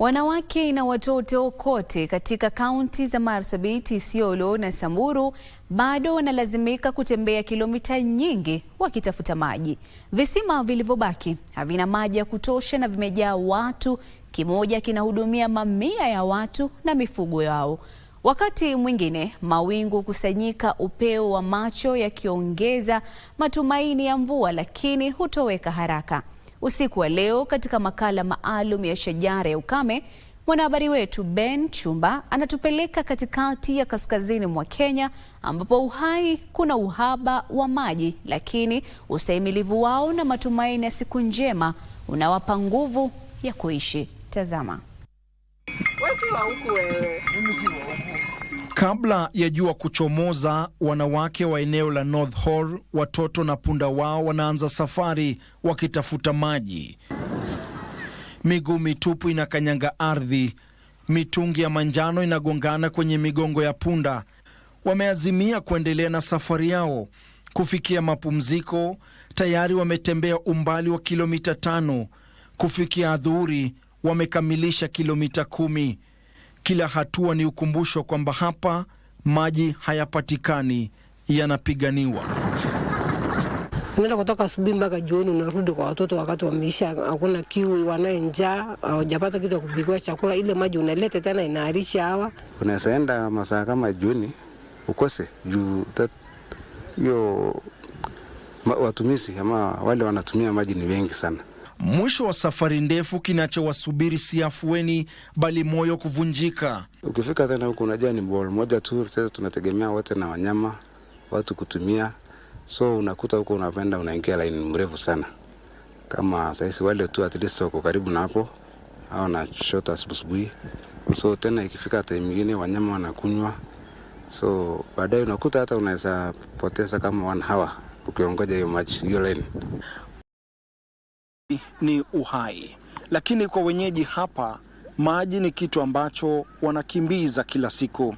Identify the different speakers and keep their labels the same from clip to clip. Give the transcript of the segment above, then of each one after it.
Speaker 1: Wanawake na watoto kote katika kaunti za Marsabit, Isiolo na Samburu bado wanalazimika kutembea kilomita nyingi wakitafuta maji. Visima vilivyobaki havina maji ya kutosha na vimejaa watu, kimoja kinahudumia mamia ya watu na mifugo yao. Wakati mwingine mawingu kusanyika, upeo wa macho yakiongeza matumaini ya mvua, lakini hutoweka haraka. Usiku wa leo katika makala maalum ya Shajara ya Ukame, mwanahabari wetu Ben Chumba anatupeleka katikati ya kaskazini mwa Kenya ambapo uhai kuna uhaba wa maji, lakini ustahimilivu wao na matumaini ya siku njema unawapa nguvu ya kuishi. Tazama.
Speaker 2: Kabla ya jua kuchomoza, wanawake wa eneo la North Horr, watoto na punda wao wanaanza safari wakitafuta maji. Miguu mitupu inakanyanga ardhi, mitungi ya manjano inagongana kwenye migongo ya punda. Wameazimia kuendelea na safari yao. Kufikia mapumziko, tayari wametembea umbali wa kilomita tano. Kufikia adhuhuri, wamekamilisha kilomita kumi. Kila hatua ni ukumbusho kwamba hapa maji hayapatikani, yanapiganiwa.
Speaker 3: Unaenda kutoka asubuhi mpaka jioni, unarudi kwa watoto wakati wameisha, hakuna kiu, wanaye njaa, hawajapata kitu ya kupikiwa chakula. Ile maji unaleta tena inaharisha hawa.
Speaker 4: Unaweza enda masaa kama jioni ukose juu hiyo watumizi ama wale wanatumia maji ni wengi sana.
Speaker 2: Mwisho wa safari ndefu, kinachowasubiri si afueni, bali moyo kuvunjika.
Speaker 4: Ukifika tena huku, unajua ni bol moja tu sasa, tunategemea wote na wanyama watu kutumia, so unakuta huko unapenda, unaingia laini mrefu sana. Kama sahizi wale tu at least wako karibu na hapo, au na shota asubuhi. So tena ikifika time nyingine wanyama wanakunywa, so baadaye unakuta hata unaweza poteza kama one hour ukiongoja hiyo maji hiyo laini
Speaker 2: ni uhai, lakini kwa wenyeji hapa maji ni kitu ambacho wanakimbiza kila siku.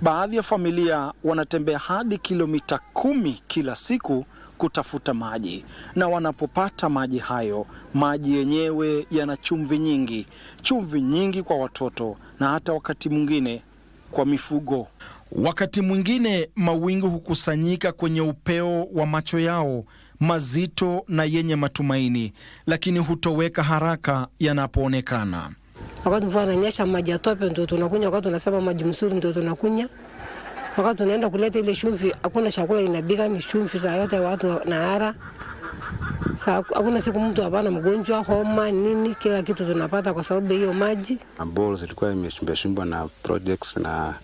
Speaker 2: Baadhi ya familia wanatembea hadi kilomita kumi kila siku kutafuta maji, na wanapopata maji hayo, maji yenyewe yana chumvi nyingi, chumvi nyingi kwa watoto na hata wakati mwingine kwa mifugo. Wakati mwingine mawingu hukusanyika kwenye upeo wa macho yao mazito na yenye matumaini, lakini hutoweka haraka yanapoonekana.
Speaker 3: Wakati mvua inanyesha, maji atope, tope ndio tunakunywa, wakati tunasema maji msuri ndio tunakunywa. Wakati tunaenda kuleta ile shumvi, hakuna chakula inabika, ni shumvi saa yote, watu na ara Sa, hakuna siku mtu hapana mgonjwa homa nini, kila kitu tunapata kwa sababu hiyo maji.
Speaker 4: Bol zilikuwa imeshumbashumbwa na projects na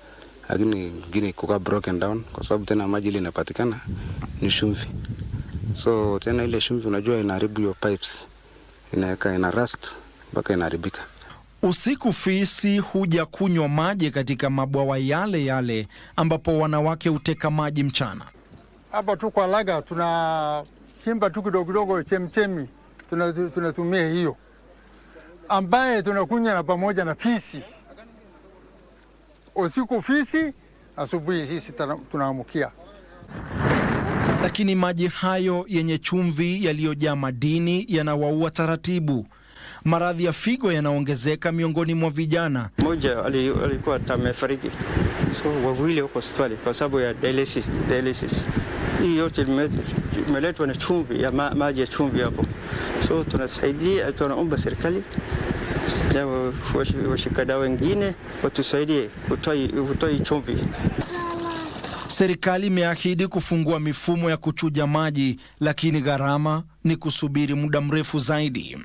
Speaker 4: lakini ingine kukaa broken down kwa sababu tena maji ile inapatikana ni shumvi. So tena ile chumvi unajua inaharibu your pipes, inaweka ina rust mpaka inaharibika.
Speaker 2: Usiku fisi huja kunywa maji katika mabwawa yale yale ambapo wanawake huteka maji mchana.
Speaker 5: Hapa tu kwa laga simba tu kidogo kidogo, chemchemi tunatumia, tuna hiyo ambaye tunakunywa na pamoja na fisi. Usiku fisi, asubuhi sisi tunaamukia
Speaker 2: lakini maji hayo yenye chumvi yaliyojaa madini yanawaua taratibu. Maradhi ya figo yanaongezeka miongoni mwa vijana.
Speaker 6: Mmoja alikuwa tamefariki, so wawili huko hospitali kwa sababu ya dialysis. Dialysis hii yote imeletwa na chumvi ya maji ya chumvi hapo, so tunasaidia, tunaomba serikali washikadau wengine watusaidie kutoa chumvi.
Speaker 2: Serikali imeahidi kufungua mifumo ya kuchuja maji, lakini gharama ni kusubiri muda mrefu zaidi.